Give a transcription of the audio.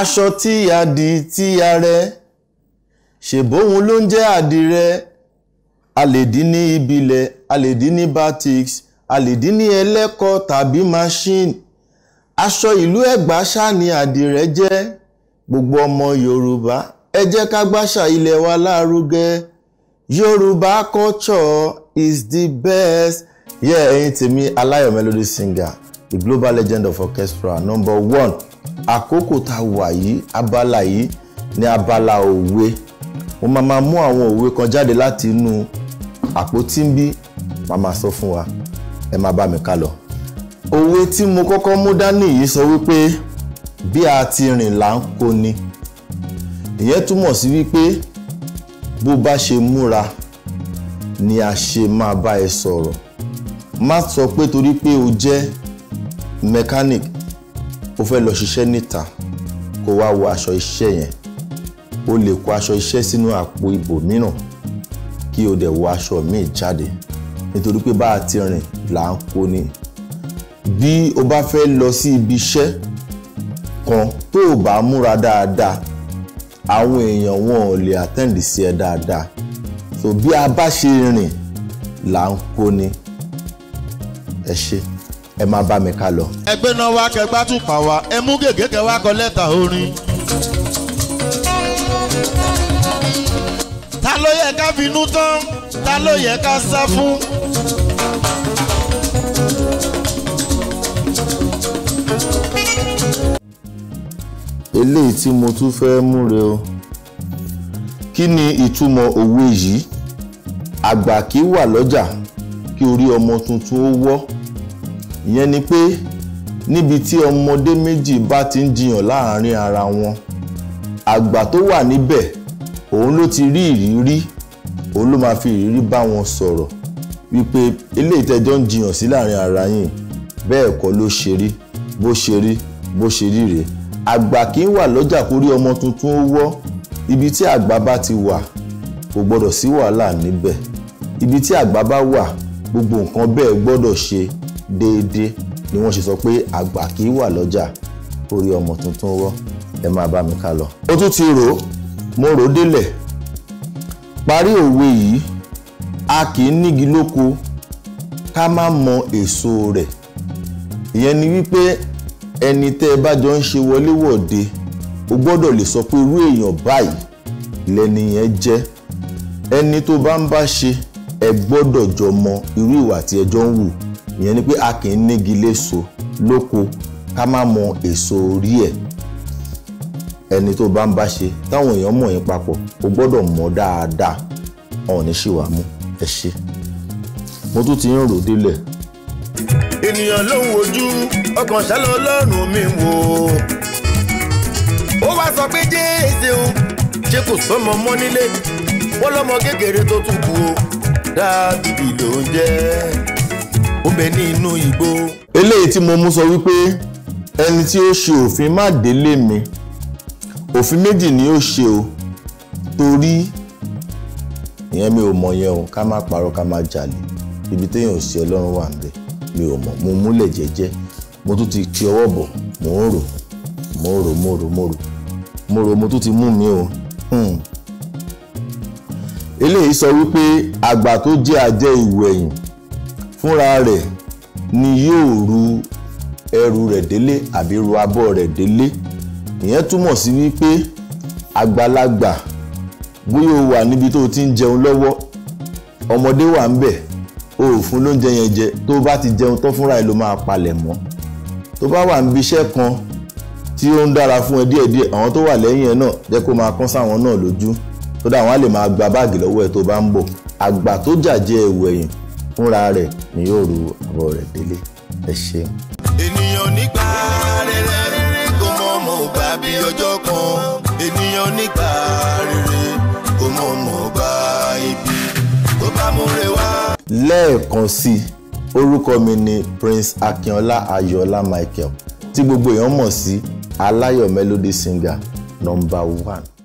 aṣọ tí a dì tí a rẹ ṣèbóhun ló ń jẹ́ àdìrẹ a ní ibilẹ̀ a ní batiks a lè dín ní ẹlẹ́kọ tàbí machine aṣọ ìlú Ẹ̀gbá ṣáà ni àdìrẹ jẹ́ gbogbo ọmọ Yorùbá ẹ jẹ́ ká gbàṣà ilẹ̀ wa lárugẹ Yorùbá culture is the best yẹ ẹ̀yin tèmi Aláyọ̀ melody singer the global legend of orchestra number one àkókò tá a wà yìí abala yìí ní abala òwe mo máa ma mú àwọn òwe kan jáde láti inú àpótí ń bí màá ma sọ fún wa ẹ máa bá mi ká lọ. òwe tí mo kọ́kọ́ mú dání yìí sọ wípé bí a ti rìn là ń kó ni ìyẹn túmọ̀ sí wípé bó bá ṣe múra ni a ṣe máa bá ẹ sọ̀rọ̀ má sọ pé torí pé o jẹ́ mechanic o fẹ́ lọ ṣiṣẹ́ níta kó wá wọ aṣọ iṣẹ́ yẹn o lè kó aṣọ iṣẹ́ sínú àpò ibò mìíràn kí o dẹ̀ wọ aṣọ míì jáde nítorí pé bá a ti rìn là ń kó ni bí o bá fẹ́ lọ sí ibi iṣẹ́ kan tó o bá múra dáadáa àwọn èèyàn wọn ò lè àtẹ́ǹdì sí ẹ dáadáa so bí a bá ṣe rìn là ń kó ni ẹ ṣe ẹ máa bá mi ká lọ. ẹgbẹ́ náà wá kẹgbá tún pa wá ẹ mú gègé kẹ wá kọ lẹ́tà orin. ta ló yẹ ká finú tán ta ló yẹ ká sá fún. eléyìí tí mo tún fẹ́ mú rẹ o kí ni ìtumọ̀ òwe yìí àgbà kì wà lọ́jà kí orí ọmọ tuntun ó wọ́ ìyẹn ni pé níbi tí ọmọdé méjì bá ti ń jiyàn láàárín ara wọn àgbà tó wà níbẹ̀ òun ló ti rí ìrírí òun ló máa fi ìrírí bá wọn sọ̀rọ̀ wípé eléyìí tẹ́jọ́ ń jiyàn sí láàárín ara yìí bẹ́ẹ̀ kọ́ ló ṣe rí bó ṣe rí bó ṣe rí rèé àgbà kì í wà lọ́jà kórí ọmọ tuntun ó wọ́ ibi tí àgbà bá ti wà kò gbọ́dọ̀ sí wàhálà níbẹ̀ ibi tí àgbà bá wà gbogbo nǹkan bẹ́ẹ̀ gbọ́dọ̀ ṣe déédéé ni wọ́n ṣe sọ pé àgbà kì í wà lọ́jà orí ọmọ tuntun wọ́ ẹ máa bá mi ká lọ. ó tún ti rò ó mo rò ó délẹ̀ parí òwe yìí a kì í nígi lóko ká má mọ èso rẹ̀ ìyẹn ni wípé ẹni tẹ́ ẹ bá jọ ń ṣe wọléwọ̀de o gbọ́dọ̀ lè sọ pé irú èèyàn báyìí lẹni yẹn jẹ́ ẹni tó bá ń bá ṣe ẹ gbọ́dọ̀ jọ mọ irú ìwà tí ẹ jọ ń wù ìyẹn ni pé a kì í nígi léso lóko ká má mọ èso orí ẹ̀ ẹni tó bá ń bá ṣe táwọn èèyàn mọ̀ yín papọ̀ o gbọ́dọ̀ mọ̀ dáadáa ọ̀hún ní ṣìwà mú ẹ ṣe mo tún ti ń rò délẹ̀. ènìyàn ló ń wojú ọkàn ṣálọ ọlọ́run mi wò ó wá sọ pé jẹ́ẹ́sẹ̀ o ṣé kò sọ́mọ mọ́ nílé wọ́n lọ́mọ kékeré tó tún kú dáàbìbì ló ń jẹ́ ó bẹ ní inú igbó. eléyìí tí mo mú sọ wípé ẹni tí ó ṣe òfin má délé mi òfin méjì ni ó ṣe o torí ìyẹn mi ò mọ yẹn o ká má parọ́ ká má jalè ibi téèyàn ò sí ọlọ́run wà níbẹ̀ mi ò mọ̀ mo múlẹ̀ jẹ́jẹ́ mo tún ti ti ọwọ́ bọ̀ mò ń rò mò rò mò rò mò rò mo rò mo tún ti mú mi o hmm. eléyìí sọ wípé àgbà tó jẹ́ ajẹ́ ìwẹ̀yìn fúnra rẹ̀ ni yóò ru ẹrù rẹ̀ délé àbí ru abọ́ rẹ̀ délé ìyẹn túmọ̀ sí wípé àgbàlagbà bóyá o wà níbi tó o ti ń jẹun lọ́wọ́ ọmọdé wà ń bẹ̀ o ò fún lóúnjẹ yẹn jẹ tó o bá ti jẹun tán fúnra ẹ ló máa palẹ̀ mọ́ tó bá wà níbi iṣẹ́ kan tí ó ń dára fún ẹ díẹ̀díẹ̀ àwọn tó wà lẹ́yìn ẹ náà jẹ́ kó máa kán sáwọn náà lójú tó dá àwọn á lè máa gba báàgì lọ́wọ́ ẹ tó bá ń bọ̀ àgbà tó jàjẹ́ ẹ̀wù ẹ̀yìn fúnra rẹ̀ ni yóò ru àbọ̀ rẹ̀ délé ẹ ṣeun. ènìyàn nígbà rere kò mọ ọmọ ọgbà bíi ọjọ́ kan ènìyàn nígbà rere kò mọ ọmọ ọgbà ibi tó bá múre wá. lẹ́ẹ̀kan sí i orúkọ mi ni Prince Akínọlá Ayọ̀ọlá Michael tí gbogbo èèyàn mọ̀ sí Aláyọ̀ Melody Singer number one.